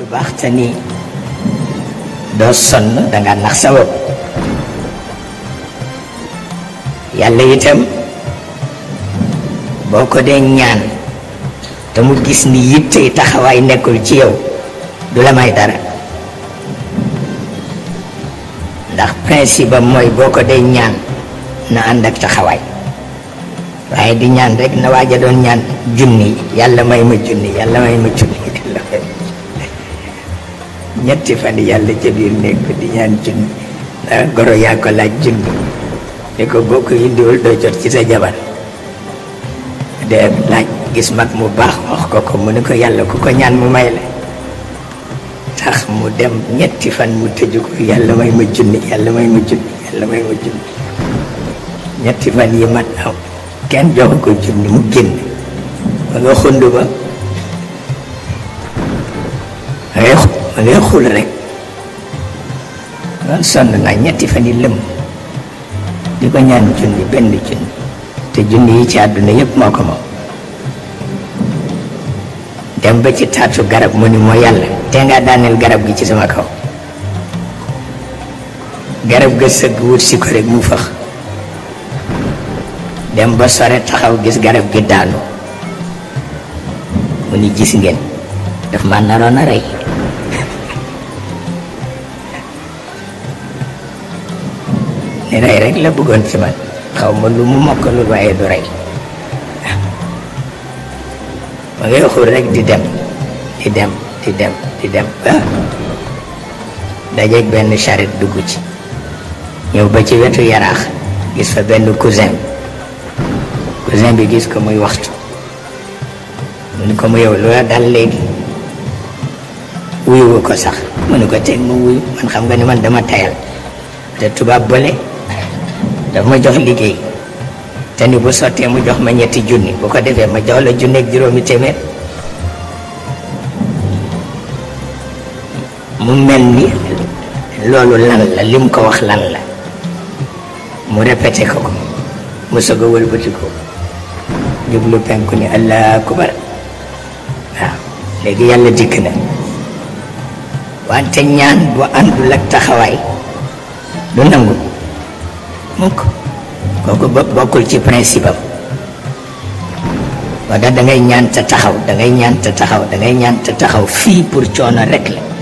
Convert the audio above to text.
lu baax te nii doo sonn danga nax sa yàlla itam boo ko dee ñaan te mu gis ni yitte taxawaay nekkul ci yow du la may dara ndax principe am mooy boo ko dee ñaan na ànd ak taxawaay waaye di ñaan rek na a doon ñaan junni yàlla may ma junni yàlla may ma junni ñetti fan yàlla ca biir nekk di ñaan cun ah, goro yaa ko laaj jun ne ko boo ko indiwul doo ci sa jabar de laaj gis mag mu baax wax ko ko mu ne ko yàlla ku ko ñaan mu may la tax mu dem ñetti fan mu tëju ko yàlla may ma junni yàlla may ma junni ñetti fan yi mat am ah, kenn jox ko junni mu génn ba nga xund ba da ngay xul rek man sonn naa ñetti fan yi lëm di ko ñaan junni benn junni te junni yi ci àdduna yëpp moo ko moom dem ba ci taatu garab mu ni moo yàlla te ngaa daaneel garab gi ci sama kaw garab ga sëgg wut si ko rek mu fëx dem ba sore taxaw gis garab gi daanu mu ni gis ngeen daf ma naroon a rey ne rey rek la bëggoon ci man xaw ma lu mu mokkalul waaye du rey ma ngay xur rek di dem di dem di dem di dem ba ah. benn charrette dugg ci ñëw ba ci wetu yaraax gis fa benn cousin cousin bi gis ko muy waxtu mu ni ko mu yow loola dal léegi wuyuwu ko sax mu ni ko teg mu wuyu man xam nga ni man dama tayal te tubaab bële daf ma jox liggéey te ni bu sottee mu jox ma ñetti junni bu ko defee ma jox la junneeg juróomi téeméer mu mel ni loolu lan la lim ko wax lan la mu répété ko ko mu soog a wëlbati jublu penku ni allah akubar waaw léegi yàlla dikk na wante ñaan bu àndul ak taxawaay du nangu mukk kooku bokkul ci principe am wala da ñaan te taxaw da ñaan te taxaw da ngay ñaan te taxaw fii pour coono rek la